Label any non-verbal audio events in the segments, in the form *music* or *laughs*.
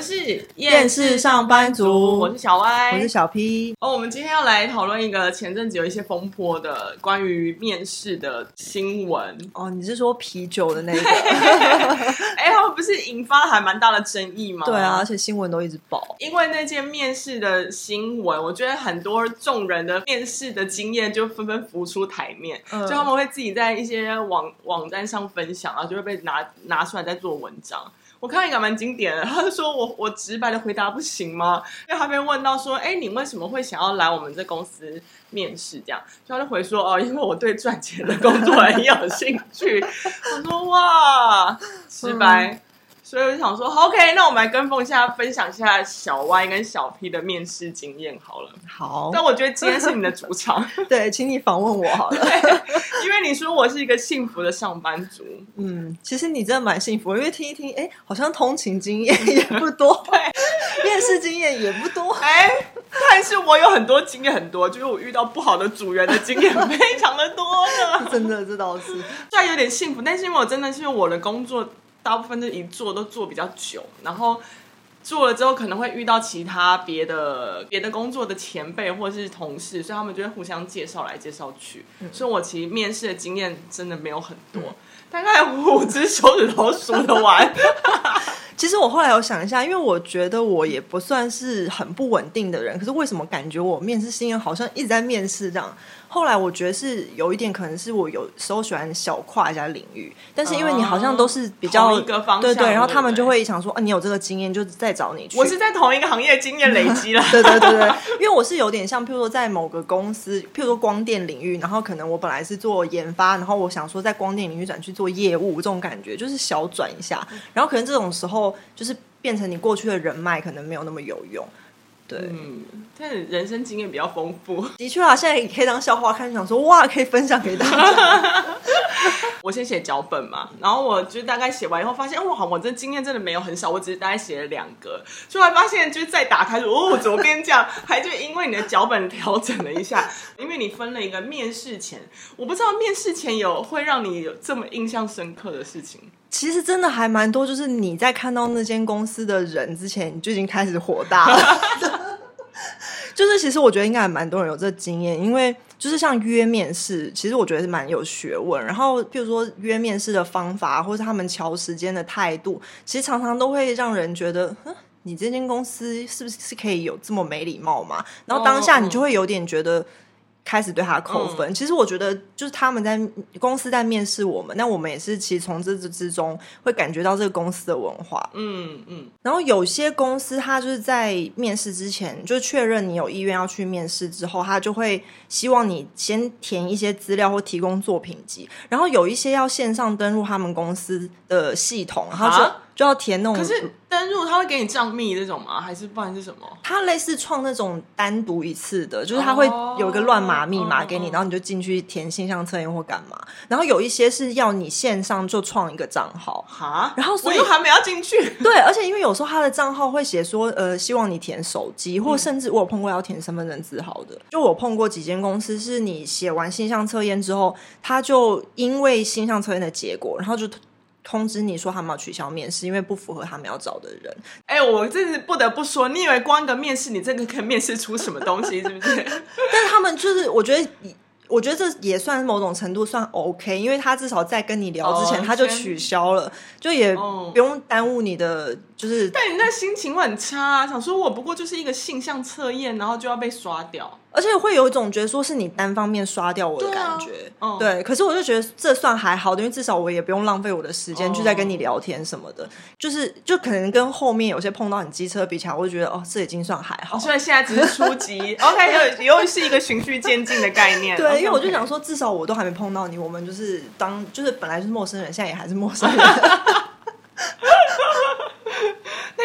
是厭世上班族，我是小歪。我是小 P。哦，我們今天要來討論一個前陣子有一些風波的關於面試的新聞。哦，你是說啤酒的那個？哎、 *laughs* 欸，他們不是引發了還蠻大的爭議嗎？對啊，而且新聞都一直爆。因為那件面試的新聞，我覺得很多眾人的面試的經驗就紛紛浮出檯面，就、嗯、他們會自己在一些網網站上分享啊，然後就會被拿拿出來再做文章。我看一個蠻經典的，他就說，我我直白的回答不行嗎？因為他被問到說，哎、欸，你為什麼會想要來我們這公司面試？這樣就他就回說哦、呃，因為我對賺錢的工作很有興趣。 *laughs* 我說哇，直白。嗯所以我就想說，OK，那我們來跟鳳下分享一下小 Y 跟小 P 的面試經驗好了。好，但我覺得今天是你的主場， *laughs* 對，請你訪問我好了。因為你說我是一個幸福的上班族，嗯，其實你真的蠻幸福，因為聽一聽，哎、欸，好像通勤經驗也不多，對，面試經驗也不多，哎、欸，但是我有很多經驗，很多，就是我遇到不好的組員的經驗非常的多。真的，這倒是，雖然有點幸福，但是因為我真的是我的工作。大部分的一做都做比較久，然後做了之後可能會遇到其他別的別的工作的前輩或是同事，所以他們就會互相介紹來介紹去嗯嗯。所以我其實面試的經驗真的沒有很多，嗯、大概五只手指頭數得完。 *laughs* *laughs* 其實我後來有想一下，因為我覺得我也不算是很不穩定的人，可是為什麼感覺我面試經驗好像一直在面試這樣？後來我覺得是有一點，可能是我有時候喜歡小跨一下領域，但是因為你好像都是比較、嗯、同一個方向、對對，對，然後他們就會想說對對啊，你有這個經驗就再找你去。我是在同一個行業經驗累積了， *laughs* 對，對對對對，因為我是有點像，譬如說在某個公司，譬如說光電領域，然後可能我本來是做研發，然後我想說在光電領域轉去做業務，這種感覺就是小轉一下，然後可能這種時候就是變成你過去的人脈可能沒有那麼有用。對、嗯，但是人生經驗比較豐富。的確啊，現在也可以當笑話看，想說哇，可以分享給大家。 *laughs* *laughs* 我先寫腳本嘛，然後我就大概寫完以後，發現哇，我這經驗真的沒有很少，我只是大概寫了兩個，出來發現就是再打開說，哦，左邊這樣， *laughs* 還就因為你的腳本調整了一下， *laughs* 因為你分了一個面試前，我不知道面試前有會讓你有這麼印象深刻的事情。其實真的還蠻多，就是你在看到那間公司的人之前，你就已經開始火大了。 *laughs* *laughs* 就是其實我覺得應該還蠻多人有這經驗，因為就是像約面試，其實我覺得是蠻有學問。然後譬如說約面試的方法，或是他們喬時間的態度，其實常常都會讓人覺得，你這間公司是不是是可以有這麼沒禮貌嘛？然後當下你就會有點覺得。開始對他扣分。嗯，其實我覺得就是他們在公司在面試我們，那我們也是其實從這之中會感覺到這個公司的文化，嗯嗯。然後有些公司他就是在面試之前，就是確認你有意願要去面試之後，他就會希望你先填一些資料或提供作品集，然後有一些要線上登入他們公司的系統，然後就。就要填那種，可是，登入他會給你賬密那種嗎？還是不然是什麼？他類似創那種單獨一次的，就是他會有一個亂碼密碼給你，然後你就進去填性向測驗或幹嘛。然後有一些是要你線上就創一個賬號哈，然後所以我又還沒要進去。對，而且因為有時候他的賬號會寫說，呃，希望你填手機，或甚至我有碰過要填身份證字號的。嗯。就我碰過幾間公司，是你寫完性向測驗之後，他就因為性向測驗的結果，然後就。通知你說他們要取消面試，因為不符合他們要找的人。哎、欸，我真是不得不說，你以為光一個面試，你真的可以面試出什麼東西 *laughs* 是不是？但是他們就是，我覺得，我覺得這也算某種程度算 OK，因為他至少在跟你聊之前他就取消了，oh, okay. 就也不用耽誤你的。oh. 嗯。就是，但你那心情很差、啊，想說我不過就是一個性向測驗，然後就要被刷掉，而且會有一種覺得說是你單方面刷掉我的感覺。對，、啊哦對，可是我就覺得這算還好的，因為至少我也不用浪費我的時間去再跟你聊天什麼的。哦、就是，就可能跟後面有些碰到你機車的比起來，我就覺得哦，這已經算還好。雖、哦、然現在只是初級，然後還有，又是一個循序漸進的概念。對，Okay，因為我就想說，至少我都還沒碰到你，我們就是當，就是本來是陌生人，現在也還是陌生人。 *laughs*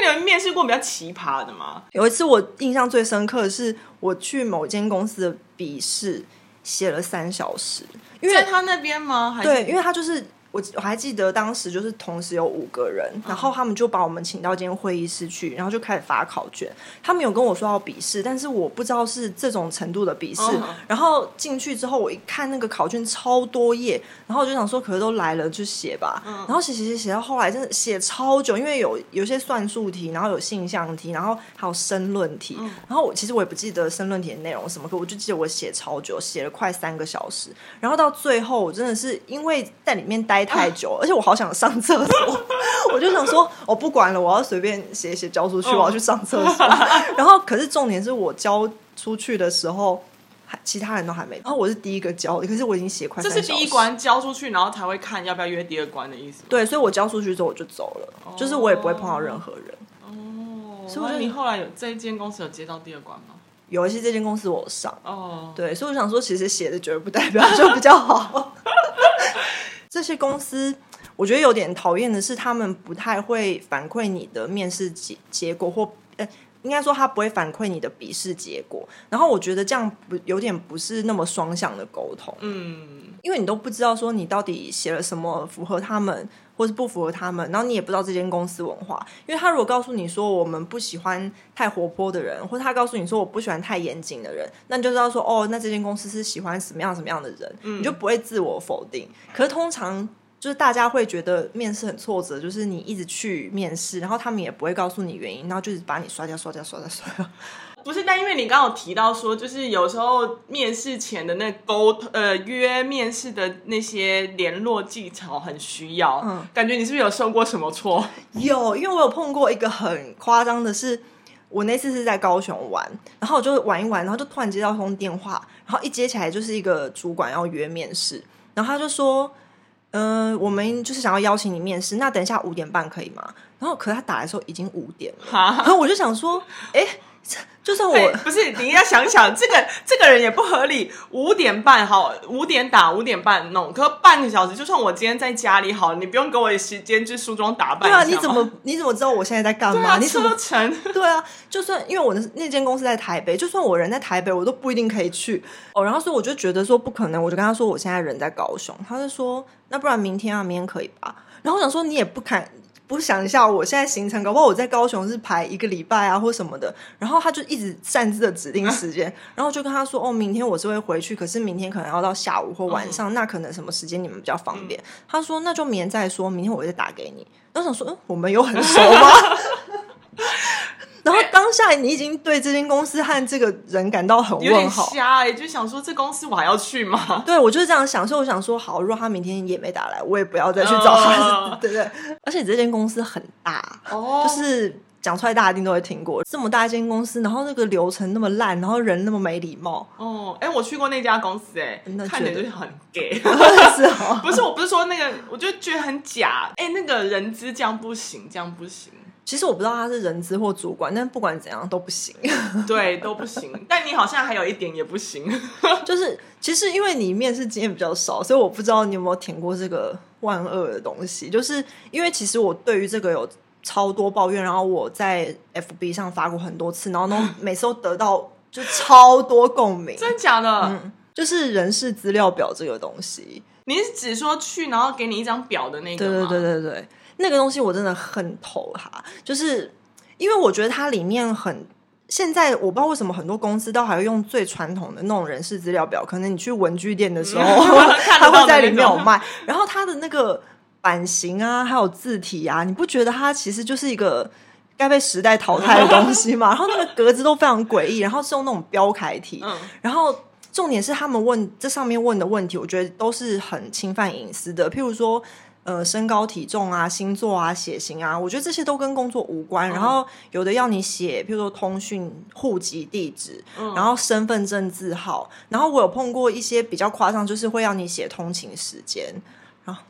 那你們面試過比較奇葩的嗎？有一次我印象最深刻的是，我去某間公司的筆試寫了三小時，因為，在他那邊嗎？還是⋯⋯對，因為他就是。我我還記得當時就是同時有五個人，然後他們就把我們請到一間會議室去，uh -huh. 然後就開始發考卷。他們有跟我說要筆試，但是我不知道是這種程度的筆試。Uh -huh. 然後進去之後，我一看那個考卷超多頁，然後我就想說，可是都來了就寫吧。Uh -huh. 然後寫寫寫，寫到後來，真的寫超久，因為有有些算術題，然後有現象題，然後還有申論題。Uh -huh. 然後我其實我也不記得申論題的內容什麼，可我就記得我寫超久，寫了快三個小時。然後到最後，我真的是因為在裡面待。啊、太久，而且我好想上廁所， *laughs* *laughs* 我就想說，我、哦、不管了，我要隨便寫寫交出去，我要去上廁所。哦、 *laughs* 然後，可是重點是我交出去的時候還，其他人都還沒。然後我是第一個交的，可是我已經寫快。這是第一關交出去，然後才會看要不要約第二關的意思。對，所以我交出去之後我就走了，哦、就是我也不會碰到任何人。哦，哦，所以我覺得你後來有這一間公司有接到第二關嗎？有一些這間公司我上。哦，對，所以我想說，其實寫的絕對不代表就比較好。 *laughs* *laughs* 這些公司，我覺得有點討厭的是，他們不太會反饋你的面試結結果，或呃，應該說他不會反饋你的筆試結果。然後我覺得這樣不有點不是那麼雙向的溝通，嗯，因為你都不知道說你到底寫了什麼符合他們。或是不符合他們，然後你也不知道這間公司文化，因為他如果告訴你說我們不喜歡太活潑的人，或是他告訴你說我不喜歡太嚴謹的人，那你就知道說哦，那這間公司是喜歡什麼樣什麼樣的人，你就不會自我否定。嗯。可是通常就是大家會覺得面試很挫折，就是你一直去面試，然後他們也不會告訴你原因，然後就是把你刷掉、刷、刷掉、刷掉、刷掉。不是，但因為你剛有提到說，就是有時候面試前的那溝呃，約面試的那些聯絡技巧很需要，嗯，感覺你是不是有受過什麼錯？有，因為我有碰過一個很誇張的是，我那次是在高雄玩，然後我就玩一玩，然後就突然接到通電話，然後一接起來就是一個主管要約面試，然後他就說，嗯、呃，我們就是想要邀請你面試，那等一下五點半可以嗎？然後可是他打來的時候已經五點了、啊，然後我就想說，哎、欸。就算我、欸、不是，你要想想， *laughs* 這個這個人也不合理。五點半好，五點打，五點半弄，可半個小時。就算我今天在家裡好，你不用給我時間去梳妝打扮。對啊，你怎麼你怎麼知道我現在在幹嘛？啊、你說成？對啊，就算因為我的那間公司在台北，就算我人在台北，我都不一定可以去哦。然後所以我就覺得說不可能，我就跟他說我現在人在高雄。他就說那不然明天啊，明天可以吧？然後我想說你也不肯。不想一下，我現在行程高，搞不好我在高雄是排一個禮拜啊，或什麼的。然後他就一直擅自的指定時間、啊，然後就跟他說：“哦，明天我是會回去，可是明天可能要到下午或晚上，嗯、那可能什麼時間你們比較方便？”他說：“那就明天再說，明天我會再打給你。”我想說：“嗯，我們有很熟嗎？” *laughs* 下來你已經對這間公司和這個人感到很問有點瞎哎、欸，就想說，這公司我還要去嗎？對，我就是這樣想，所以我想說好，如果他明天也沒打來，我也不要再去找他，呃、對對？而且這間公司很大，哦，就是講出來大家一定都會聽過這麼大一間公司，然後那個流程那麼爛，然後人那麼沒禮貌，哦，哎，我去過那家公司，哎、嗯，看的，就是很 gay， *laughs* 是嗎 *laughs* 不是，我不是說那個，我就覺得很假，哎，那個人資這樣不行，這樣不行。其實我不知道他是人資或主管，但不管怎樣都不行。 *laughs* 對，都不行。但你好像還有一點也不行， *laughs* 就是其實因為你面試經驗比較少，所以我不知道你有沒有填過這個萬惡的東西。就是因為其實我對於這個有超多抱怨，然後我在 FB 上發過很多次，然後都每次都得到就超多共鳴。 *laughs* 真的假的、嗯？就是人事資料表這個東西，你是指說去然後給你一張表的那個？對對對對對。那個東西我真的很頭哈，就是因為我覺得它裡面很現在我不知道為什麼很多公司都還會用最傳統的那種人事資料表，可能你去文具店的時候，它、嗯、 *laughs* 會在裡面有賣。然後它的那個版型啊，還有字體啊，你不覺得它其實就是一個該被時代淘汰的東西嗎 *laughs* 然後那個格子都非常詭異，然後是用那種標楷體、嗯。然後重點是他們問這上面問的問題，我覺得都是很侵犯隱私的，譬如說。呃，身高體重啊，星座啊，血型啊，我覺得這些都跟工作無關。嗯、然後有的要你寫，譬如說通訊、戶籍地址，嗯、然後身份證字號。然後我有碰過一些比較誇張，就是會要你寫通勤時間。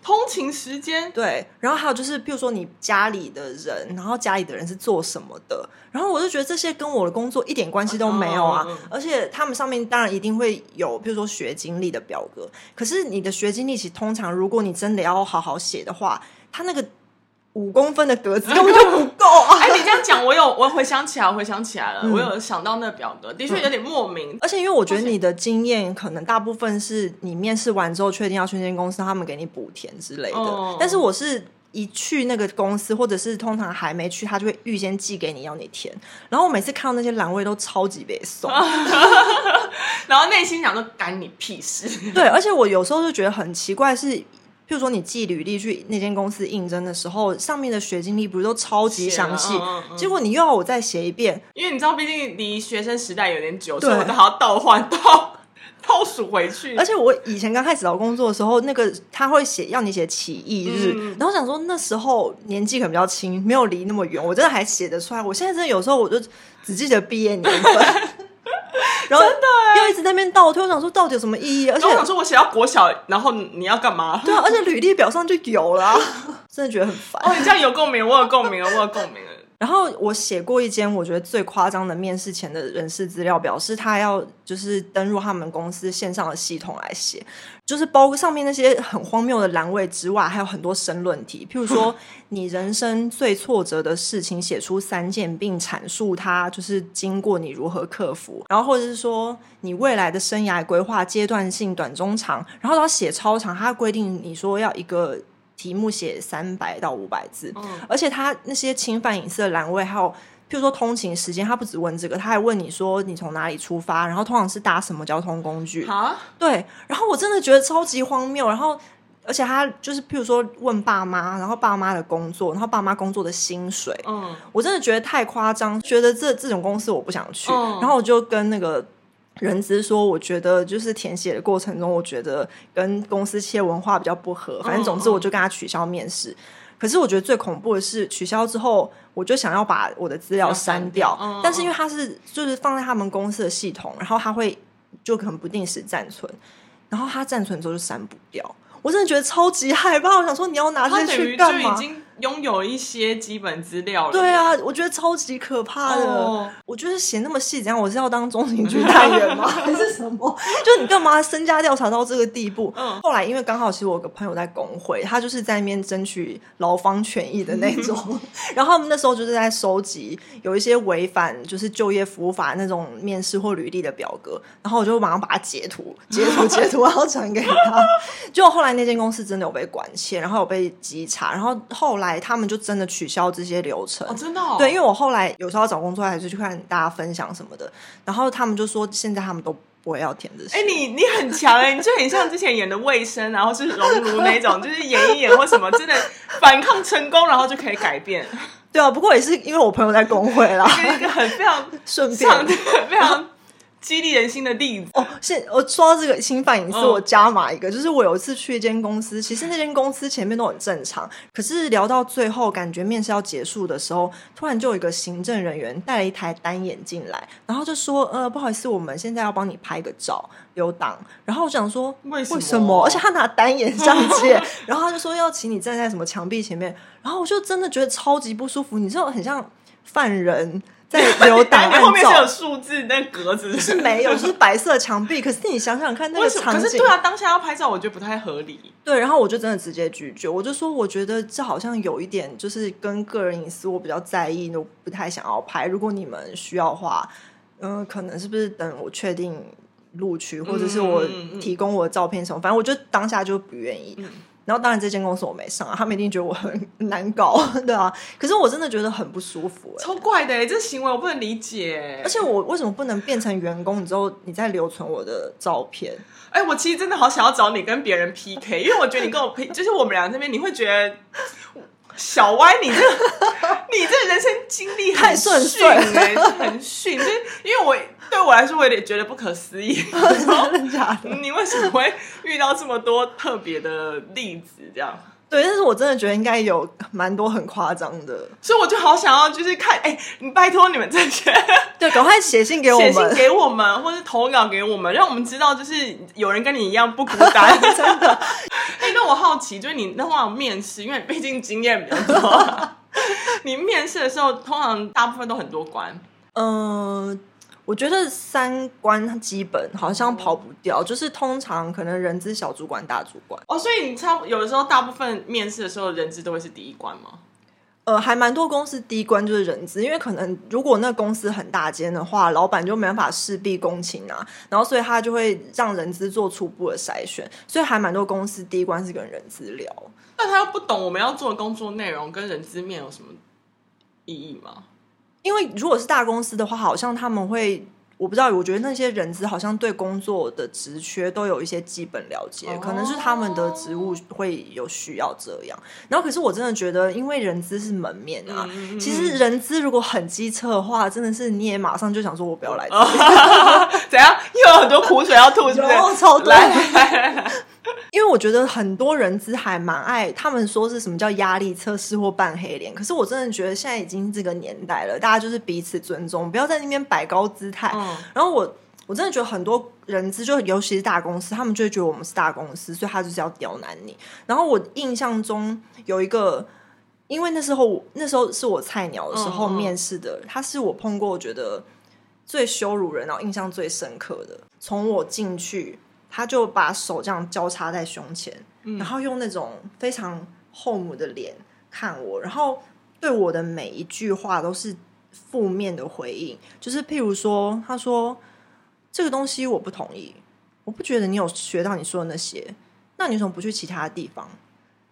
通勤時間對，然後還有就是，比如說你家裡的人，然後家裡的人是做什麼的，然後我就覺得這些跟我的工作一點關係都沒有啊。Uh-huh. 而且他們上面當然一定會有，比如說學經歷的表格。可是你的學經歷其，其實通常如果你真的要好好寫的話，他那個。五公分的格子根本就不夠啊！ *laughs* 哎，你這樣講，我有我回想起來，我回想起來了，嗯、我有想到那個表格，的確有點莫名，嗯、而且，因為我覺得你的經驗可能大部分是你面試完之後確定要去那間公司，他們給你補填之類的。哦、但是，我是一去那個公司，或者是通常還沒去，他就會預先寄給你要你填。然後，我每次看到那些欄位都超級被送， *laughs* *laughs* 然後內心想說干你屁事。 *laughs* 對，而且我有時候就覺得很奇怪是。譬如說，你寄履歷去那間公司應徵的時候，上面的學經歷不是都超級詳細、嗯嗯嗯。結果你又要我再寫一遍，因為你知道，畢竟離學生時代有點久，所以我還要倒換倒倒數回去。而且我以前剛開始找工作的時候，那個他會寫要你寫起訖日、嗯，然後我想說那時候年紀可能比較輕，沒有離那麼遠，我真的還寫得出來。我現在真的有時候我就只記得畢業年份。 *laughs* 然後又一直在那邊倒退，我想說到底有什麼意義？而且我想說，我寫要國小，然後你要幹嘛？對啊，而且履歷表上就有啦， *laughs* 真的覺得很煩。哦，你這樣有共鳴，我有共鳴，我有共鳴。 *laughs* 然後我寫過一間我覺得最誇張的面試前的人事資料表，是他要就是登入他們公司線上的系統來寫，就是包括上面那些很荒謬的欄位之外，還有很多申論題，譬如說你人生最挫折的事情，寫出三件，並闡述它就是經過你如何克服，然後或者是說你未來的生涯規劃階段性、短、中、長，然後他寫超長，他規定你說要一個，題目寫三百到五百字，嗯，而且他那些侵犯隱私的欄位，還有譬如說通勤時間，他不只問這個，他還問你說你從哪裡出發，然後通常是搭什麼交通工具。啊，對，然後我真的覺得超級荒謬，然後而且他就是譬如說問爸媽，然後爸媽的工作，然後爸媽工作的薪水，嗯，我真的覺得太誇張，覺得這這種公司我不想去，嗯、然後我就跟那個。人資說，我覺得就是填寫的過程中，我覺得跟公司企業文化比較不合，反正總之我就跟他取消面試。可是我覺得最恐怖的是取消之後，我就想要把我的資料刪掉，但是因為他是就是放在他們公司的系統，然後他會就可能不定時暫存，然後他暫存之後就刪不掉，我真的覺得超級害怕，我想說你要拿進去幹嘛？擁有一些基本資料，對啊，我覺得超級可怕的。Oh. 我就是寫那麼細怎樣？我是要當中情局探員嗎？ *laughs* 還是什麼？就你幹嘛身家調查到這個地步。嗯。後來因為剛好其實我有個朋友在工會，他就是在那邊爭取勞方權益的那種。 *laughs* 然後我們那時候就是在收集有一些違反就是就業服務法那種面試或履歷的表格。然後我就馬上把它截圖、截圖、截圖，然後轉給他。 *laughs* 就後來那間公司真的有被管限，然後有被稽查，然後後來。他們就真的取消這些流程，哦，真的，哦，對，因為我後來有時候找工作還是去看大家分享什麼的，然後他們就說現在他們都不會要填這些。哎，欸，你你很強哎，欸，你就很像之前演的衛生， *laughs* 然後是熔爐那種，就是演一演或什麼， *laughs* 真的反抗成功，然後就可以改變，對啊，不過也是因為我朋友在工會啦，一個很非常順暢的非常。激勵人心的例子哦，oh, 現我說到這個侵犯隱私，我加碼一個，oh. 就是我有一次去一間公司，其實那間公司前面都很正常，可是聊到最後，感覺面試要結束的時候，突然就有一個行政人員帶了一台單眼進來，然後就說呃，不好意思，我們現在要幫你拍個照留檔，然後我就想說，為什麼？為什麼？而且他拿單眼上街 *laughs* 然後他就說要請你站在什麼牆壁前面，然後我就真的覺得超級不舒服，你知道很像犯人。在留檔案照後面是有數字，那格子，是沒有，就是白色牆壁。可是你想想看，那個場景，可是對啊，當下要拍照，我覺得不太合理。對，然後我就真的直接拒絕，我就說，我覺得這好像有一點，就是跟個人隱私，我比較在意，我不太想要拍。如果你們需要的話，嗯，可能是不是等我確定錄取，或者是我提供我的照片什麼？嗯嗯、反正我就當下就不願意。嗯然後當然，這間公司我沒上啊，他們一定覺得我很難搞，對啊。可是我真的覺得很不舒服，欸，哎，超怪的，欸，這行為我不能理解。而且我為什麼不能變成員工？之後你再留存我的照片？哎，欸，我其實真的好想要找你跟別人 PK，因為我覺得你跟我 PK，就是我們倆這邊你會覺得小歪，你這你這人生經歷很遜，欸，很遜就是因為我。對我來說，我有點覺得不可思議。真的假的？你為什麼會遇到這麼多特別的例子？這樣對，但是我真的覺得應該有蠻多很誇張的，所以我就好想要就是看，哎，你拜托你們這些，對，趕快寫信給我們，寫信給我們，或是投稿給我們，讓我們知道，就是有人跟你一樣不孤單，真的。哎，那我好奇，就是你通常面試，因為你畢竟經驗比較多、啊，你面試的時候通常大部分都很多關 *laughs* ，嗯。我覺得三關基本好像跑不掉，就是通常可能人資小主管、大主管哦，所以你差不有的時候大部分面試的時候，人資都會是第一關嗎？呃，還蠻多公司第一關就是人資，因為可能如果那個公司很大間的話，老闆就沒辦法事必躬親啊，然後所以他就會讓人資做初步的篩選，所以還蠻多公司第一關是跟人資聊。那他又不懂我們要做的工作內容，跟人資面有什麼意義嗎？因為如果是大公司的話，好像他們會，我不知道，我覺得那些人資好像對工作的職缺都有一些基本了解，oh. 可能是他們的職務會有需要這樣。然後，可是我真的覺得，因為人資是門面啊，mm -hmm. 其實人資如果很機車的話，真的是你也馬上就想說，我不要來這裡，oh. *laughs* *laughs* 怎樣？又有很多苦水要吐是不是，出不來。 *laughs* 對 *laughs* 因為我覺得很多人資還蠻愛，他們說是什麼叫壓力測試或扮黑臉。可是我真的覺得現在已經這個年代了，大家就是彼此尊重，不要在那邊擺高姿態。嗯、然後我我真的覺得很多人資，就尤其是大公司，他們就會覺得我們是大公司，所以他就是要刁難你。然後我印象中有一個，因為那時候那時候是我菜鳥的時候面試的，他、嗯、是我碰過覺得最羞辱人，然後印象最深刻的。從我進去。他就把手這樣交叉在胸前、嗯，然後用那種非常 home 的臉看我，然後對我的每一句話都是負面的回應。就是譬如說，他說：“這個東西我不同意，我不覺得你有學到你說的那些。那你怎麼不去其他地方？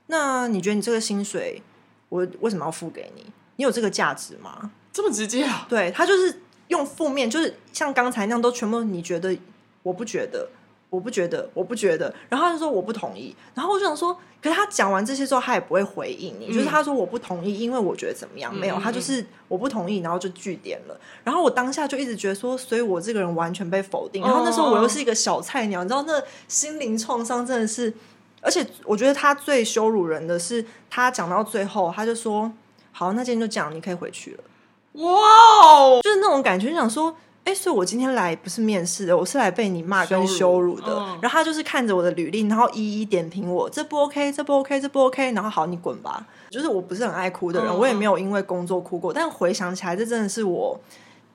那你覺得你這個薪水，我為什麼要付給你？你有這個價值嗎？”這麼直接啊！對，他就是用負面，就是像剛才那樣，都全部你覺得，我不覺得。我不覺得，我不覺得。然後他就說我不同意，然後我就想說，可是他講完這些之後，他也不會回應你、嗯，就是他說我不同意，因為我覺得怎麼樣？嗯、沒有，他就是我不同意，然後就句點了。然後我當下就一直覺得說，所以我這個人完全被否定。然後那時候我又是一個小菜鳥，oh. 你知道，那心靈創傷真的是，而且我覺得他最羞辱人的是，他講到最後，他就說：“好，那今天就講，你可以回去了。”哇哦，就是那種感覺，你想說。哎，所以我今天來不是面試的，我是來被你罵跟羞辱的。羞辱。然後他就是看着我的履歷，然後一一點評我、嗯，這不 OK，這不 OK，這不 OK。然後好，你滾吧。就是我不是很愛哭的人、嗯，我也沒有因為工作哭過。但回想起來，這真的是我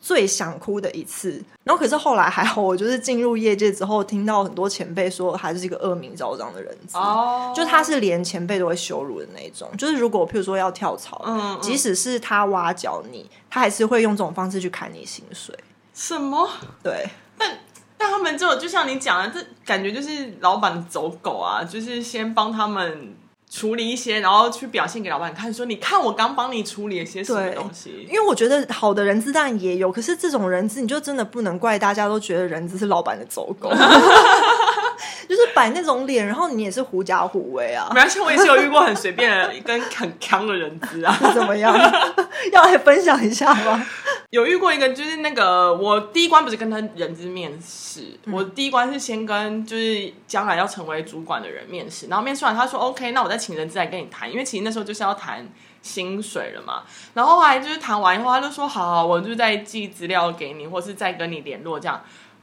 最想哭的一次。然後可是後來還好，我就是進入業界之後，聽到很多前輩說，他是一個惡名昭彰的人子。哦、嗯，就他是連前輩都會羞辱的那種。就是如果我譬如說要跳槽嗯嗯，即使是他挖角你，他還是會用這種方式去砍你薪水。什麼？對，但但他們這種就像你講的，這感覺就是老板的走狗啊，就是先幫他們處理一些，然後去表現給老板看，說你看我剛幫你處理了些什麼東西。因為我覺得好的人資，當然也有，可是這種人資你就真的不能怪大家都覺得人資是老板的走狗， *laughs* *laughs* 就是擺那種臉，然後你也是狐假虎威啊。而且我也是有遇過很隨便的、的 *laughs* 跟很鏘的人資啊，是怎麼樣？ *laughs* *laughs* 要來分享一下嗎？有遇過一個，就是那個我第一關不是跟他人資面試，嗯，我第一關是先跟就是將來要成為主管的人面試，然後面試完他說 OK，那我再請人資來跟你談，因為其實那時候就是要談薪水了嘛，然後後來就是談完以後他就說好，好，我就再寄資料給你，或是再跟你聯絡這樣。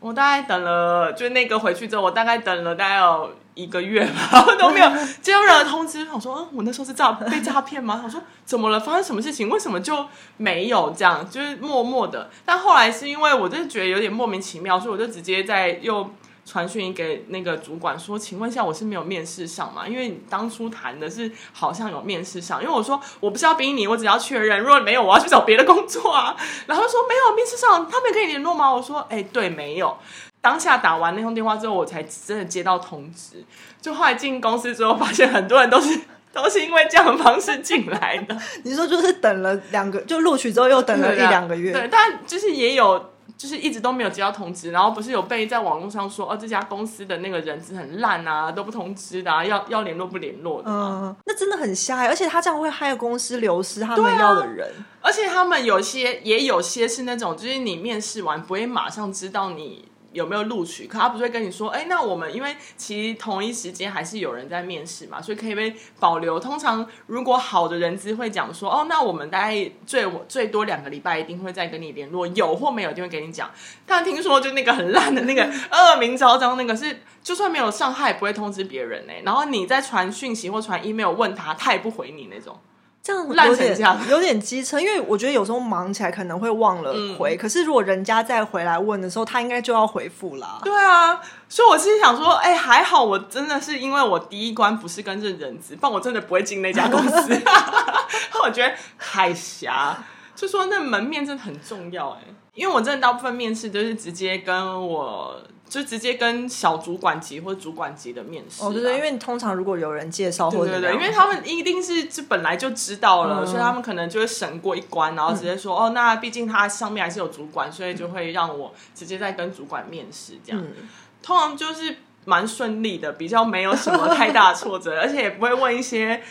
我大概等了，就那個回去之後，我大概等了大概有一個月吧，都沒有接到任何通知。我說，嗯，我那時候是詐被詐騙嗎？我說，怎麼了？發生什麼事情？為什麼就沒有這樣？就是默默的。但後來是因為我真的覺得有點莫名其妙，所以我就直接在又。傳訊給那個主管說，請問一下，我是沒有面試上嗎？因為你當初談的是好像有面試上，因為我說我不是要逼你，我只要確認。如果沒有，我要去找別的工作啊。然後說沒有面試上，他們也可以聯絡嗎？我說，哎、欸，對，沒有。當下打完那通電話之後，我才真的接到通知。就後來進公司之後，發現很多人都是都是因為這樣的方式進來的。 *laughs* 你說就是等了兩個，就錄取之後又等了一兩個月對、啊，對，但就是也有。就是一直都沒有接到通知，然後不是有被在網絡上說，哦，這家公司的那個人資很爛啊，都不通知的、啊，要要聯絡不聯絡的，嗯、呃，那真的很瞎、哎，而且他這樣會害公司流失他們要的人，啊、而且他們有些也有些是那種，就是你面試完不會馬上知道你有沒有錄取？可他不會跟你說，哎、欸,那我們因為其實同一時間還是有人在面試嘛，所以可以被保留。通常如果好的人資會講說，哦，那我們大概最最多兩個禮拜一定會再跟你聯絡，有或沒有就會給你講。但聽說就那個很爛的那個惡名昭彰，那個是就算沒有上他也不會通知別人哎、欸，然後你在傳訊息或傳 email 問他，他也不回你那種。這樣有點這樣有點機車，因為我覺得有時候忙起來可能會忘了回、嗯。可是如果人家再回來問的時候，他應該就要回復了、嗯。對啊，所以我是想說，哎、欸，還好我真的是因為我第一關不是跟着人資，不然我真的不會進那家公司。 *laughs* *laughs* *laughs* 我覺得太瞎，就說那門面真的很重要哎、欸，因為我真的大部分面試都是直接跟我。就直接跟小主管級或主管級的面試，哦對對，因為你通常如果有人介紹或者對對對，因為他們一定是這本來就知道了、嗯，所以他們可能就會省過一關，然後直接說、嗯、哦，那畢竟他上面還是有主管，所以就會讓我直接再跟主管面試這樣，嗯、通常就是蠻順利的，比較沒有什麼太大的挫折， *laughs* 而且也不會問一些。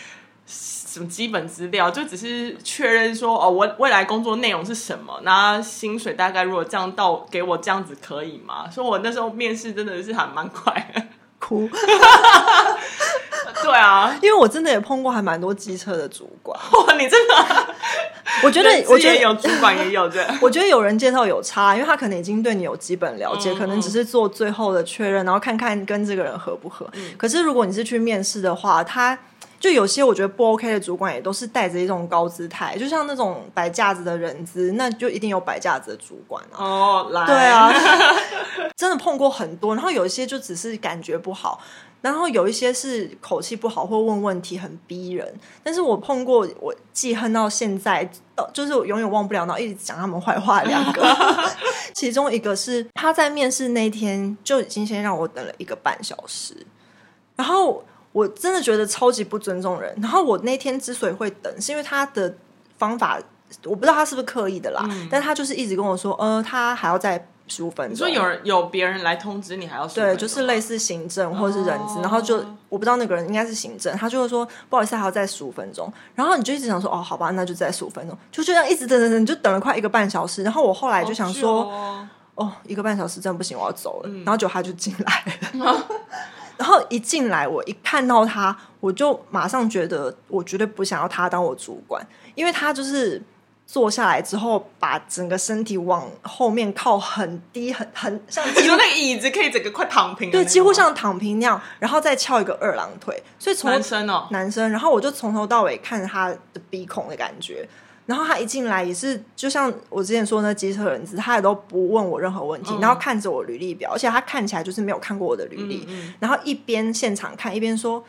什麼基本資料？就只是確認說哦，我未來工作內容是什麼？那薪水大概如果這樣到給我這樣子可以嗎？所以我那時候面試真的是還蠻快，哭。 *laughs* 對啊，因為我真的也碰過還蠻多機車的主管。哇、哦，你真的？我覺得我覺得有主管也有對，我覺得有人介紹有差，因為他可能已經對你有基本了解，嗯、可能只是做最後的確認，然後看看跟這個人合不合。嗯、可是如果你是去面試的話，他。就有些我覺得不 OK 的主管，也都是帶着一種高姿態，就像那種擺架子的人資，那就一定有擺架子的主管哦、啊，來、oh, like.，對啊， *laughs* 真的碰過很多。然後有一些就只是感覺不好，然後有一些是口氣不好，或問問題很逼人。但是我碰過，我記恨到現在，就是我永遠忘不了，然後一直講他們壞話兩個。 *laughs* 其中一個是他在面試那天就已經先讓我等了一個半小時，然後。我真的覺得超級不尊重人。然後我那天之所以會等，是因為他的方法，我不知道他是不是刻意的啦，嗯、但他就是一直跟我說，呃，他還要再十五分鐘。你說有人有別人來通知你還要十五分鐘、啊？對，就是類似行政或者是人事、哦、然後就我不知道那個人應該是行政，他就會說不好意思，還要再十五分鐘。然後你就一直想說，哦，好吧，那就再十五分鐘。就這樣一直等等等，你就等了快一個半小時。然後我後來就想說，哦，哦哦一個半小時真的不行，我要走了。嗯、然後就他就進來了。哦然後一進來，我一看到他，我就馬上覺得我絕對不想要他當我主管，因為他就是坐下來之後，把整個身體往後面靠，很低很很，像有那個椅子可以整個快躺平，對，幾乎像躺平那樣，然後再翹一個二郎腿，所以從男生哦，男生，然後我就從頭到尾看他的鼻孔的感覺。然後他一進來也是，就像我之前說的那機車人資，他也都不問我任何問題，嗯、然後看着我履歷表，而且他看起來就是沒有看過我的履歷、嗯嗯，然後一邊現場看一邊說：“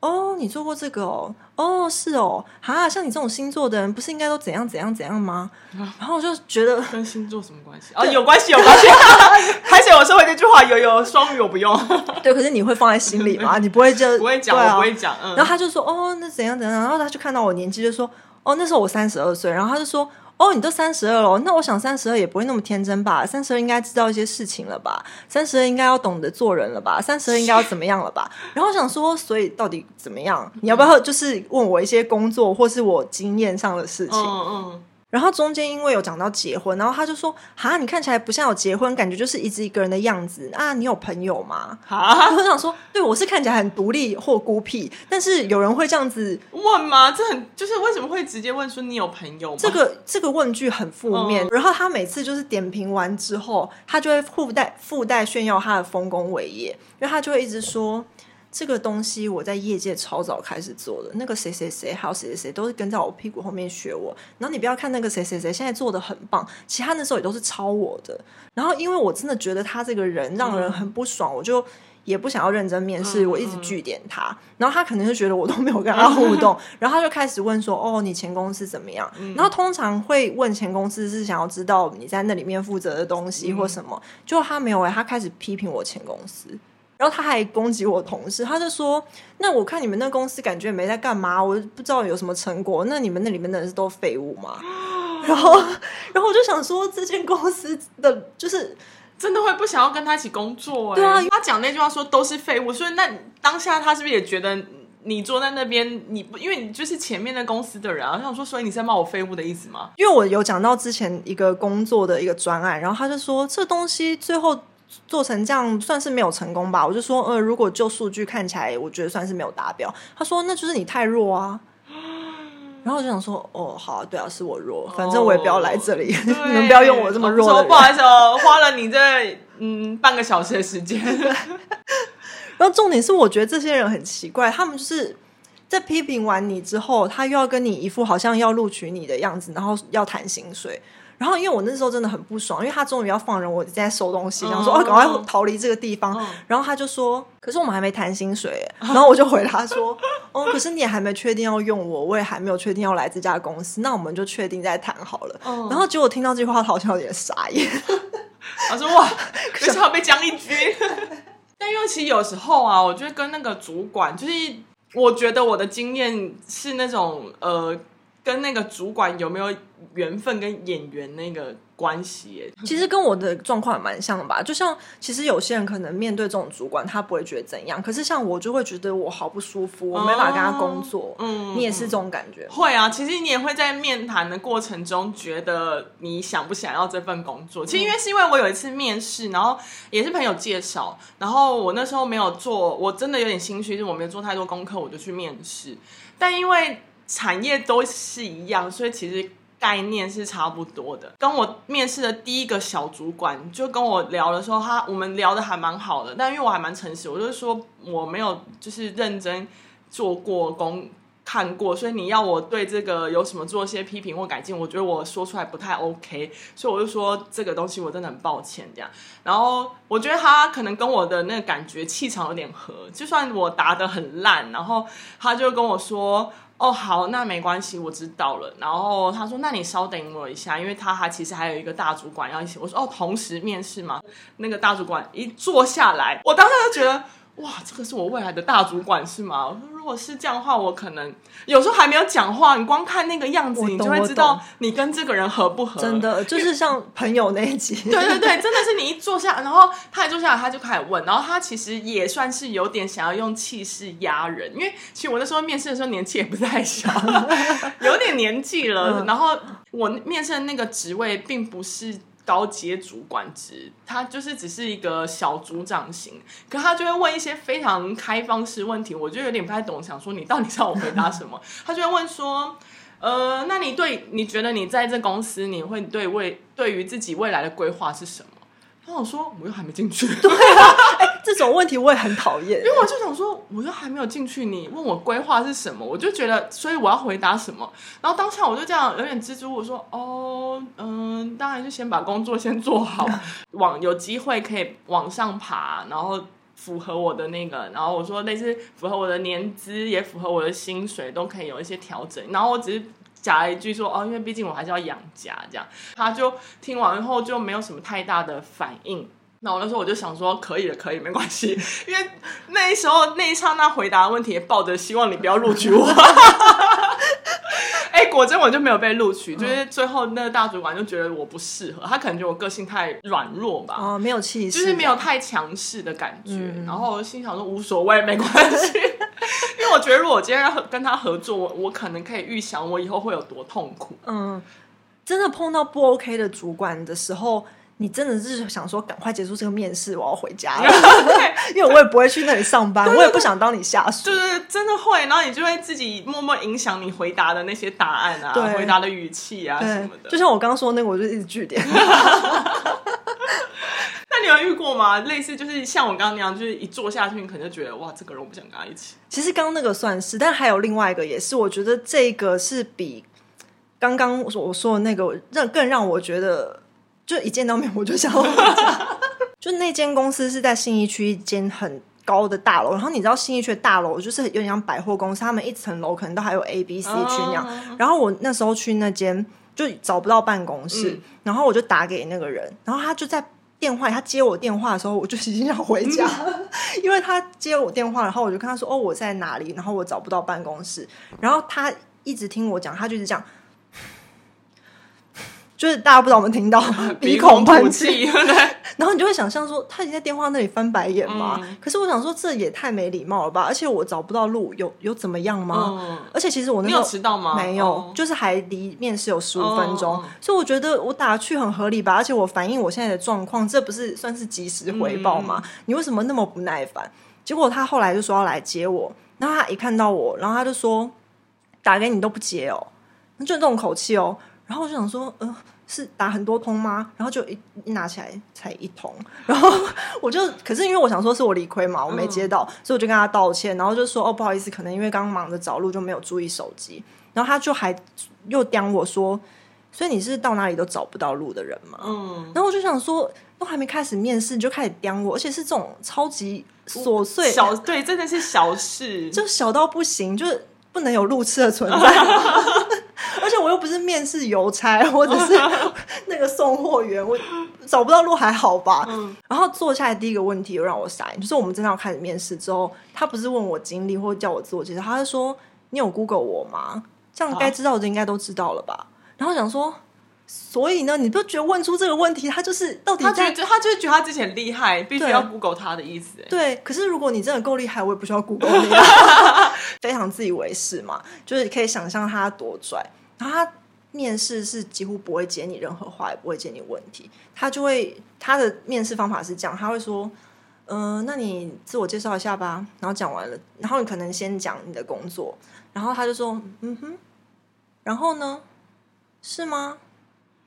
哦，你做過這個哦？哦，是哦，哈，像你這種星座的人，不是應該都怎樣怎樣怎樣嗎、嗯？”然後我就覺得跟星座什麼關係？啊、哦、有關係，有關係。 *laughs* *laughs* 還是我說回那句話，有有雙魚我不用。 *laughs* 對，可是你會放在心裡嗎？你不會就 *laughs* 不會講，對啊、我不會講、嗯。然後他就說：“哦，那怎樣怎樣？”然後他就看到我年紀，就說。哦，那時候我三十二歲，然後他就說：“哦，你都三十二了，那我想三十二也不會那麼天真吧？三十二應該知道一些事情了吧？三十二應該要懂得做人了吧？三十二應該要怎麼樣了吧？” *laughs* 然後我想說，所以到底怎麼樣？你要不要就是問我一些工作或是我經驗上的事情？嗯。Oh, oh, oh. 然後中間因為有講到結婚，然後他就說：“哈，你看起來不像有結婚，感覺就是一直一個人的樣子啊，你有朋友嗎？”我想說，對我是看起來很獨立或孤僻，但是有人會這樣子問嗎？這很就是為什麼會直接問說你有朋友嗎？這個這個問句很負面，哦。然後他每次就是點評完之後，他就會附帶附帶炫耀他的豐功偉業，因為他就會一直說。這個東西我在業界超早開始做的，那個誰誰誰還有誰誰誰都是跟在我屁股後面學我。然後你不要看那個誰誰誰現在做的很棒，其他那時候也都是抄我的。然後因為我真的覺得他這個人讓人很不爽，我就也不想要認真面試，我一直句點他。然後他可能就覺得我都沒有跟他互動，然後他就開始問說：“哦，你前公司怎麼樣？”然後通常會問前公司是想要知道你在那裡面負責的東西或什麼。就他沒有、欸、他開始批評我前公司。然後他還攻擊我同事，他就說：“那我看你們那公司感覺也沒在幹嘛，我不知道有什麼成果。那你們那裡面的人是都廢物嗎？”然後，然後我就想說，這間公司的就是真的會不想要跟他一起工作、欸？對啊，他講那句話說都是廢物，所以那當下他是不是也覺得你坐在那邊，你不因為你就是前面那公司的人啊？他想說，所以你在罵我廢物的意思嗎？因為我有講到之前一個工作的一個專案，然後他就說這東西最後。做成這樣算是沒有成功吧？我就說，呃，如果就數據看起來，我覺得算是沒有達標。他說，那就是你太弱啊。然後我就想說，哦，好、啊，對啊，是我弱，反正我也不要來這裡，哦、 *laughs* 你們不要用我這麼弱。不好意思哦，花了你這嗯半個小時的時間。 *laughs* *laughs* 然後重點是，我覺得這些人很奇怪，他們就是在批評完你之後，他又要跟你一副好像要錄取你的樣子，然後要談薪水。然後，因為我那時候真的很不爽，因為他終於要放人，我在收東西、嗯，然後說：“哦、啊，趕快逃離這個地方。嗯”然後他就說：“可是我們還沒談薪水。嗯”然後我就回他說：“哦、 *laughs* 嗯，可是你也還沒確定要用我，我也還沒有確定要來這家公司，那我們就確定再談好了。嗯”然後結果聽到這句話，好像有點傻眼。我說：“哇，可是我被將一軍。但因為其實有時候啊，我覺得跟那個主管，就是我覺得我的經驗是那種呃，跟那個主管有沒有。緣分跟演員那個關係，其實跟我的狀況也蠻像的吧。就像其實有些人可能面對這種主管，他不會覺得怎樣，可是像我就會覺得我好不舒服，我沒法跟他工作。嗯，你也是這種感覺，嗯嗯嗯。會啊，其實你也會在面談的過程中覺得你想不想要這份工作。其實因為是因為我有一次面試，然後也是朋友介紹，然後我那時候沒有做，我真的有點心虛，就是我沒有做太多功課，我就去面試。但因為產業都是一樣，所以其實。概念是差不多的。跟我面試的第一個小主管就跟我聊的時候，他我們聊得還蠻好的。但因為我還蠻誠實，我就說我沒有就是認真做過工看過，所以你要我對這個有什麼做一些批評或改進，我覺得我說出來不太 OK。所以我就說這個東西我真的很抱歉這樣。然後我覺得他可能跟我的那個感覺氣場有點合，就算我答得很爛，然後他就跟我說。哦，好，那沒關係，我知道了。然後他說：“那你稍等我一下，因為他還其實還有一個大主管要一起。”我說：“哦，同時面試嘛。”那個大主管一坐下來，我當時就覺得。哇，這個是我未來的大主管是嗎？我說，如果是這樣的話，我可能有時候還沒有講話，你光看那個樣子我懂我懂，你就會知道你跟這個人合不合。真的，就是像朋友那一集。對對對，真的是你一坐下，然後他一坐下來，他就開始問，然後他其實也算是有點想要用氣勢壓人，因為其實我那時候面試的時候年紀也不太小， *laughs* *laughs* 有點年紀了，嗯。然後我面試的那個職位並不是。高階主管職，他就是只是一個小組長型，可他就會問一些非常開放式問題，我就有點不太懂，想說你到底讓我回答什麼？ *laughs* 他就會問說，呃，那你對，你覺得你在這公司，你會對未對於自己未來的規劃是什麼？他跟我說，我又還沒進去。對 *laughs* *laughs* 這種問題我也很討厭，因為我就想說，我又還沒有進去，你問我規劃是什麼，我就覺得，所以我要回答什麼？然後當下我就這樣有點支支吾吾說，哦，嗯，當然就先把工作先做好，往有機會可以往上爬，然後符合我的那個，然後我說類似符合我的年資也符合我的薪水都可以有一些調整，然後我只是加一句說，哦，因為畢竟我還是要養家，這樣。他就聽完以後就沒有什麼太大的反應。然後那時候我就想說，可以了，可以，沒關係，因為那時候那一剎那回答問題，也抱着希望你不要錄取我。哎、 *laughs* 欸，果真我就沒有被錄取，就是最後那個大主管就覺得我不適合，他可能覺得我個性太軟弱吧，哦，沒有氣勢，就是沒有太強勢的感覺，嗯。然後心想說無所謂，沒關係，因為我覺得如果我今天跟跟他合作，我我可能可以預想我以後會有多痛苦。嗯，真的碰到不 OK 的主管的時候。你真的是想說趕快結束這個面試，我要回家， *laughs* 因為我也不會去那裡上班，我也不想當你下屬，就是真的會，然後你就會自己默默影響你回答的那些答案啊，回答的語氣啊什麼的。就像我剛剛說的那個，我就一直句點 *laughs* *laughs* *laughs* *laughs* 那你有遇過嗎？類似就是像我剛剛那樣，就是一坐下去，你可能就覺得哇，這個人我不想跟他一起。其實剛剛那個算是，但還有另外一個也是，我覺得這個是比剛剛我我說的那個讓更讓我覺得。就一見到面我就想回家， *laughs* 就那間公司是在信義區一間很高的大樓，然後你知道信義區的大樓就是有點像百貨公司，他們一層樓可能都還有 A、B、C 區那樣，哦。然後我那時候去那間就找不到辦公室，嗯，然後我就打給那個人，然後他就在電話，他接我電話的時候我就已經想回家，嗯，因為他接我電話，然後我就跟他說，哦，我在哪裡，然後我找不到辦公室，然後他一直聽我講，他就是講。就是大家不知道我們聽到 *laughs* 鼻孔噴氣，然後你就會想象說他已經在電話那裡翻白眼嘛。嗯、可是我想說這也太沒禮貌了吧！而且我找不到路有，有有怎麼樣嗎？嗯、而且其實我那個遲到嗎？沒有，哦、就是還離面試有十五分鐘，哦、所以我覺得我打去很合理吧。而且我反映我現在的狀況，這不是算是及時回報嗎？嗯、你為什麼那麼不耐煩？結果他後來就說要來接我，然後他一看到我，然後他就說，打給你都不接哦，就這種口氣哦。然後我就想說，嗯、呃，是打很多通嗎？然後就一,一拿起來才一通。然後我就，可是因為我想說是我理虧嘛，我沒接到、嗯，所以我就跟他道歉。然後就說，哦，不好意思，可能因為剛忙着找路就沒有注意手機。然後他就還又刁我說，所以你是到哪裡都找不到路的人嗎、嗯、然後我就想說，都還沒開始面試你就開始刁我，而且是這種超級瑣碎小，對，真的是小事，就小到不行，就是。不能有路痴的存在， *laughs* *laughs* 而且我又不是面試郵差或者是那個送貨員，我找不到路還好吧。嗯、然後坐下來，第一個問題又讓我傻眼，就是我們真的要開始面試之後，他不是問我經歷或叫我自我介紹，其實他是說，你有 Google 我嗎？這樣該知道的應該都知道了吧。啊、然後我想說。所以呢，你都覺得問出這個問題，他就是到底他覺他就是覺得他自己很厲害，必須要 Google 他的意思對？對。可是如果你真的夠厲害，我也不需要 Google 你。 *laughs* *laughs* *laughs* 非常自以為是嘛，就是你可以想象他多拽。然後他面試是幾乎不會解你任何話，也不會解你問題。他就會他的面試方法是這樣，他會說：“嗯、呃，那你自我介紹一下吧。”然後講完了，然後你可能先講你的工作，然後他就說：“嗯哼，然後呢？是嗎？”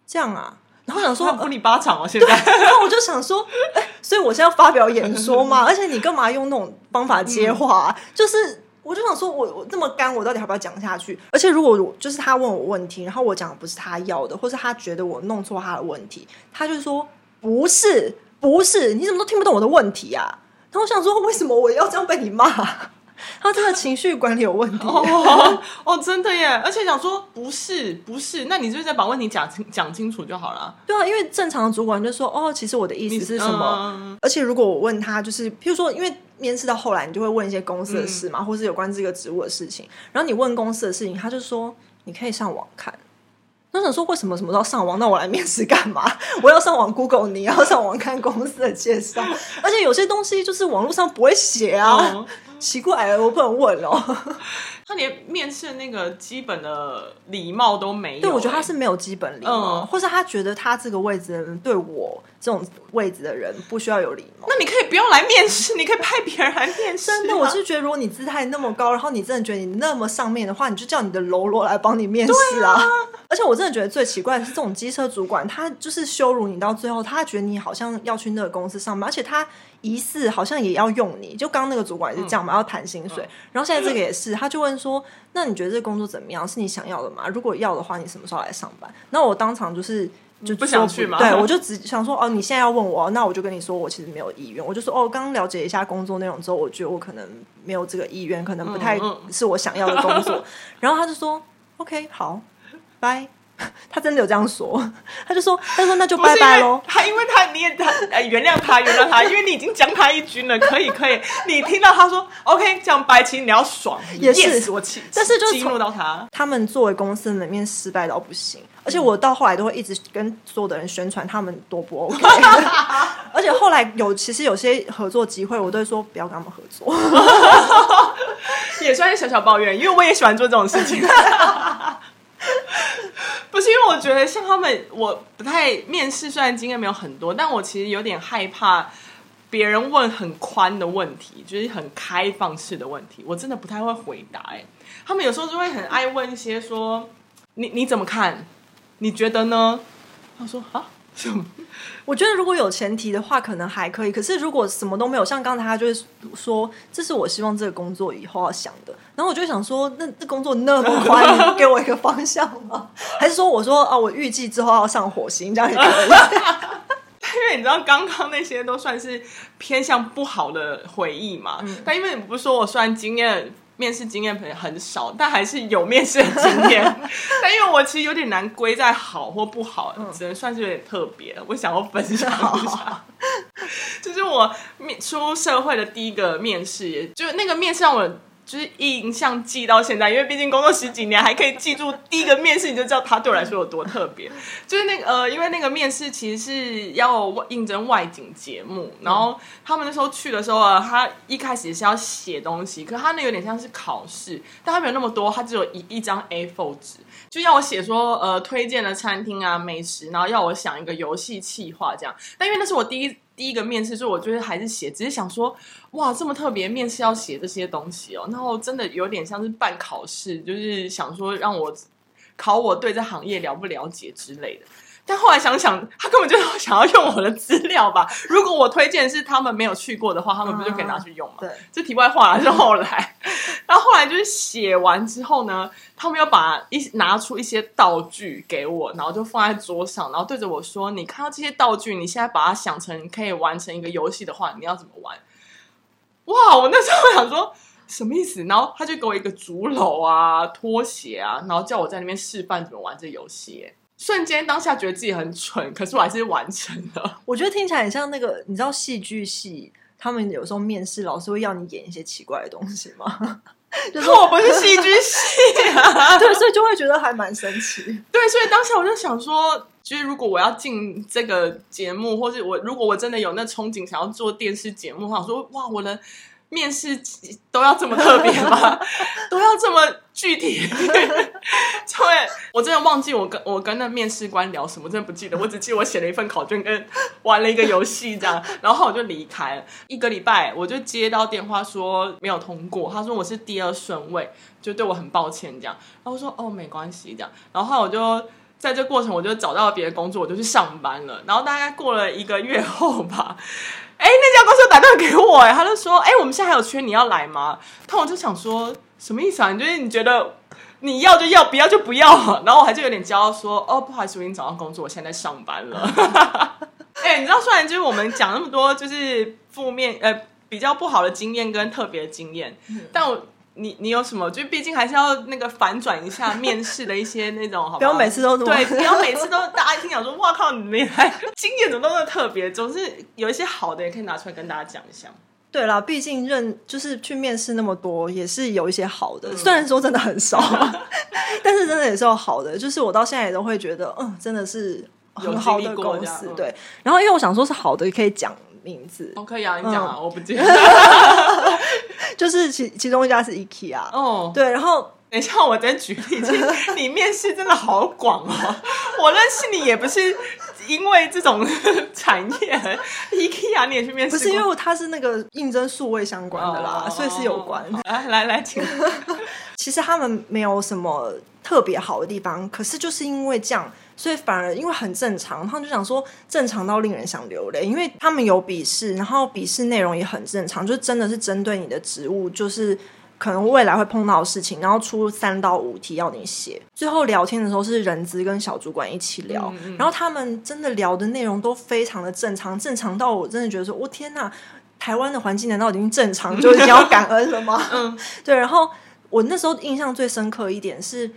這樣啊，然後想說、呃，他補你巴掌啊，現在，然後我就想說，哎，所以我現在要發表演說嘛， *laughs* 而且你幹嘛用那種方法接話、啊？嗯、就是，我就想說，我我這麼幹，我到底還要不要講下去？而且如果就是他問我問題，然後我講的不是他要的，或是他覺得我弄錯他的問題，他就說，不是不是，你怎麼都聽不懂我的問題啊！」然後我想說，為什麼我要這樣被你罵？他真的情緒管理有問題 *laughs* 哦，哦，哦，真的耶！而且想說，不是不是，那你就是再把問題講清講清楚就好了。對啊，因為正常的主管就說，哦，其實我的意思是什麼？呃、而且如果我問他，就是譬如說，因為面試到後來，你就會問一些公司的事嘛，嗯、或是有關這個職務的事情。然後你問公司的事情，他就說，你可以上網看。那想說，為什麼什麼都要上網？那我來面試幹嘛？我要上網 Google，你要上網看公司的介紹，而且有些東西就是網絡上不會寫啊，奇怪了，我不能問哦。他連面試那個基本的禮貌都沒有，欸。對，我覺得他是沒有基本禮貌，嗯，或是他覺得他這個位置的人對我這種位置的人不需要有禮貌。那你可以不用來面試， *laughs* 你可以派別人來面試。那我是覺得，如果你姿態那麼高，然後你真的覺得你那麼上面的話，你就叫你的嘍囉來幫你面試啊。啊 *laughs* 而且我真的覺得最奇怪的是，這種機車主管他就是羞辱你到最後，他覺得你好像要去那個公司上班，而且他。意思好像也要用你，就剛剛那個主管也是這樣嘛，嗯、要談薪水、嗯。然後現在這個也是，他就問說：“那你覺得這個工作怎麼樣？是你想要的嗎？如果要的話，你什麼時候來上班？”那我當場就是就不想去嘛，對，我就只想說哦，你現在要問我、啊，那我就跟你說，我其實沒有意願。我就說哦，剛了解一下工作內容之後，我覺得我可能沒有這個意願，可能不太是我想要的工作。嗯嗯、然後他就說 *laughs* ：“OK，好，拜。”他真的有這樣說，他就說，他說那就拜拜嘍。他因為他，因為他你也他原諒他原諒他，因為你已經將他一軍了，可以可以。你聽到他說 OK，講白棋，你要爽，也是，yes, 我其其但是就激怒到他。他們作為公司的門面失敗到不行。嗯，而且我到後來都會一直跟所有的人宣傳他們多不 OK。 *laughs* 而且後來有其實有些合作機會，我都會說不要跟他們合作， *laughs* 也算是小小抱怨，因為我也喜歡做這種事情。 *laughs* *laughs* 不是，因為我覺得像他們，我不太面試。雖然經驗沒有很多，但我其實有點害怕別人問很寬的問題，就是很開放式的問題，我真的不太會回答欸。他們有時候就會很愛問一些說你你怎麼看？你覺得呢？他說啊。我覺得如果有前提的話，可能還可以。可是如果什麼都沒有，像剛才他就是說，這是我希望這個工作以後要想的。然後我就想說，那這工作那麼快，你給我一個方向嗎？ *laughs* 還是說，我說啊，我預計之後要上火星這樣子 *laughs* 因為你知道，剛剛那些都算是偏向不好的回憶嘛。嗯、但因為你不是說，我雖然經驗。面試經驗可能很少，但還是有面試的經驗。 *laughs* 但因為我其實有點難歸在好或不好、嗯，只能算是有點特別。我想要分享一下，就是我面出社會的第一個面試，就那個面試讓我。就是印象記到現在，因為畢竟工作十幾年，還可以記住第一個面試，你就知道他對我來說有多特別。就是那個呃，因為那個面試其實是要應徵外景節目，然後他們那時候去的時候啊、呃，他一開始是要寫東西，可他那有點像是考試，但他沒有那麼多，他只有一一張 A4 紙，就要我寫說呃推薦的餐廳啊美食，然後要我想一個遊戲企劃這樣。但因為那是我第一。第一個面試是我覺得還是寫，只是想說，哇，這麼特別面試要寫這些東西哦、喔，然後真的有點像是辦考試，就是想說讓我考我對這行業了不了解之類的。但後來想想，他根本就想要用我的資料吧。如果我推薦是他們沒有去過的話，他們不就可以拿去用嗎？這、啊、題外話了。是後來、嗯，然後後來就是寫完之後呢，他們又把一拿出一些道具給我，然後就放在桌上，然後對着我說：“你看到這些道具，你現在把它想成可以完成一個遊戲的話，你要怎麼玩？”哇！我那時候想說什麼意思？然後他就給我一個竹簍啊、拖鞋啊，然後叫我在那邊示範怎麼玩這遊戲、欸。瞬間當下覺得自己很蠢，可是我還是完成了。我覺得聽起來很像那個，你知道戲劇系他們有時候面試老師會要你演一些奇怪的東西嗎？可 *laughs* 我不是戲劇系，對，所以就會覺得還蠻神奇。對，所以當時我就想說，其、就、得、是、如果我要進這個節目，或者我如果我真的有那憧憬，想要做電視節目的話，我想說，哇，我能。面試都要這麼特別嗎？ *laughs* 都要這麼具體？ *laughs* *laughs* 對，我真的忘記我跟我跟那面試官聊什麼，真的不記得。我只記得我寫了一份考卷，跟玩了一個遊戲這樣。 *laughs* 然後我就離開了。一個禮拜，我就接到電話說沒有通過。他說我是第二順位，就對我很抱歉這樣。然後我說哦，沒關係這樣。然後我就在這過程，我就找到別的工作，我就去上班了。然後大概過了一個月後吧，哎、欸，那家公司打電話給我、欸，哎，他就說，哎、欸，我們現在還有缺，你要來嗎？他我就想說，什麼意思啊？就是你覺得你要就要，不要就不要。然後我還就有點驕傲說，哦，不好意思，我已經找到工作，我現在在上班了。哎、嗯 *laughs* 欸，你知道，雖然就是我們講那麼多，就是負面，呃，比較不好的經驗跟特別的經驗、嗯，但我。你你有什麼？就畢竟還是要那個反轉一下面試的一些那種， *laughs* 好，不要每次都對，不 *laughs* 要每次都 *laughs* 大家一聽講說，哇靠，你沒來，經驗怎麼那麼特別？總是有一些好的也可以拿出來跟大家講一下。對啦，畢竟認就是去面試那麼多，也是有一些好的，嗯、雖然說真的很少， *laughs* 但是真的也是有好的。就是我到現在也都會覺得，嗯，真的是很好的、的公司，嗯。對，然後因為我想說是好的也可以講。名字好可、okay、啊，你講啊、嗯，我不記得。 *laughs* 就是其其中一家是 IKEA，哦，對，然後等一下我再舉例。其實你面試真的好廣哦、喔，我認識你也不是因為這種產業，IKEA 你也去面試，不是因為他是那個應徵數位相關的啦，oh, oh, oh, oh, oh. 所以是有關的。來來來，請。 *laughs* 其實他們沒有什麼特別好的地方，可是就是因為這樣。所以反而因為很正常，他們就想說正常到令人想流淚，因為他們有筆試，然後筆試內容也很正常，就是真的是針對你的職務，就是可能未來會碰到的事情，然後出三到五題要你寫。最後聊天的時候是人資跟小主管一起聊，嗯嗯，然後他們真的聊的內容都非常的正常，正常到我真的覺得說我、哦、天哪，台灣的環境難道已經正常，就是你要感恩了嗎、？ *laughs* 嗯？對。然後我那時候印象最深刻一點是。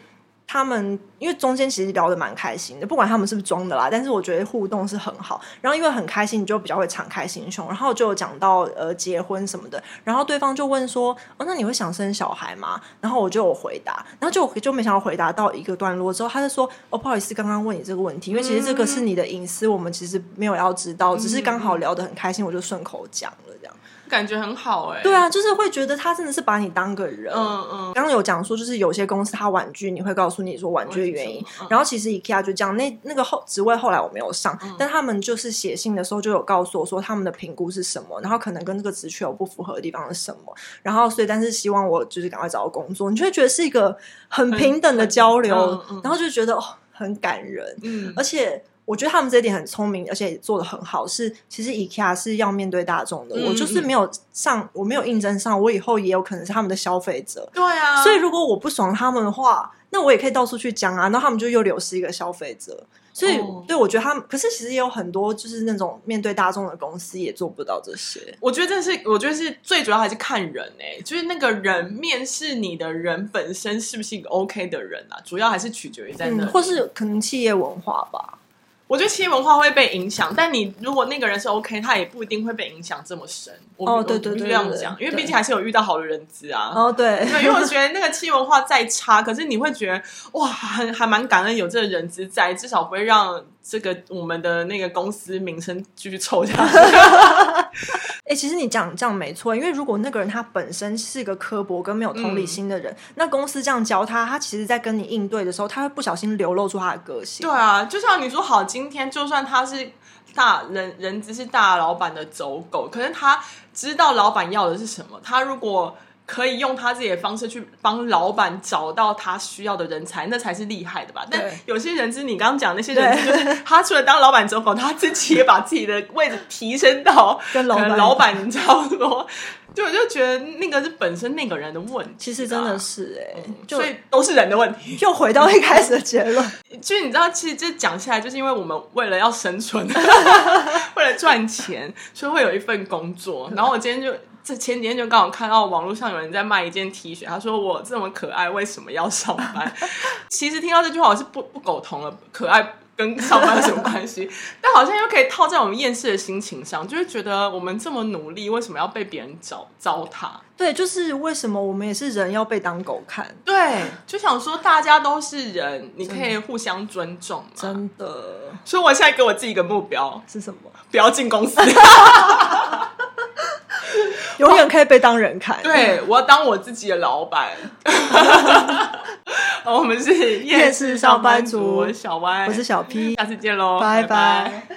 他們因為中間其實聊得蠻開心的，不管他們是不是裝的啦，但是我覺得互動是很好。然後因為很開心，你就比較會敞開心胸。然後就有講到呃結婚什麼的，然後對方就問說：“哦，那你會想生小孩嗎？”然後我就有回答，然後就就沒想到回答到一個段落之後，他就說：“哦，不好意思，剛剛問你這個問題，因為其實這個是你的隱私，嗯嗯我們其實沒有要知道，只是剛好聊得很開心，我就順口講了這樣。”感覺很好哎、欸，對啊，就是會覺得他真的是把你當個人。嗯嗯，剛剛有講說，就是有些公司他婉拒，你會告訴你說婉拒的原因、嗯。然後其實 IKEA 就這樣，那那個後職位後來我沒有上，嗯、但他們就是寫信的時候就有告訴我說他們的評估是什麼，然後可能跟那個職缺有不符合的地方是什麼。然後所以但是希望我就是趕快找到工作，你就會覺得是一個很平等的交流，嗯嗯嗯、然後就覺得哦很感人，嗯，而且。我覺得他們這一點很聰明，而且也做得很好。是，其實 IKEA 是要面對大眾的，嗯。我就是沒有上，嗯、我沒有應徵上，我以後也有可能是他們的消費者。對啊。所以如果我不爽他們的話，那我也可以到處去講啊。那他們就又流失一個消費者。所以，嗯、對我覺得他們，可是其實也有很多就是那種面對大眾的公司也做不到這些。我覺得這是，我覺得是最主要還是看人哎，欸、就是那個人面試你的人本身是不是一個 OK 的人啊？主要還是取決於在那裡，嗯，或是可能企業文化吧。我覺得企業文化會被影響，但你如果那個人是 OK，他也不一定會被影響這麼深。我哦，對對對，就這樣講，因為畢竟還是有遇到好的人資啊。哦，對，對，因為我覺得那個企業文化再差，可是你會覺得哇，還還蠻感恩有這個人資在，至少不會讓。這個我們的那個公司名稱巨臭這樣子。哎，其實你講這樣沒錯，因為如果那個人他本身是一個刻薄跟沒有同理心的人，嗯、那公司這樣教他，他其實，在跟你應對的時候，他會不小心流露出他的個性。對啊，就像你說，好，今天就算他是大人人只是大老闆的走狗，可是他知道老闆要的是什麼，他如果。可以用他自己的方式去幫老闆找到他需要的人才，那才是厲害的吧？但有些人，就是你剛剛講那些人，就是他除了當老闆走狗，他自己也把自己的位置提升到跟老闆，老闆差不多，你知道嗎？就我就覺得那個是本身那個人的問題，其實真的是哎，所以都是人的問題。又回到一開始的結論， *laughs* 就你知道，其實這講起來，就是因為我們為了要生存， *laughs* *laughs* 為了賺錢， *laughs* 所以會有一份工作。 *laughs* 然後我今天就。這前幾天就剛好看到網絡上有人在賣一件 T 恤，他說：“我這麼可愛，為什麼要上班？” *laughs* 其實聽到這句話，我是不不苟同了。可愛跟上班有什麼關係？ *laughs* 但好像又可以套在我們厭世的心情上，就是覺得我們這麼努力，為什麼要被別人糟糟蹋？對，就是為什麼我們也是人，要被當狗看？對，就想說大家都是人，你可以互相尊重，真的。所以我現在給我自己一個目標是什麼？不要進公司。 *laughs* *laughs* 永遠可以被當人看，對、嗯、我要當我自己的老板。 *laughs* *laughs* 我們是夜市上班族，上班族小歪，我是小 P，下次見咯，拜拜。拜拜。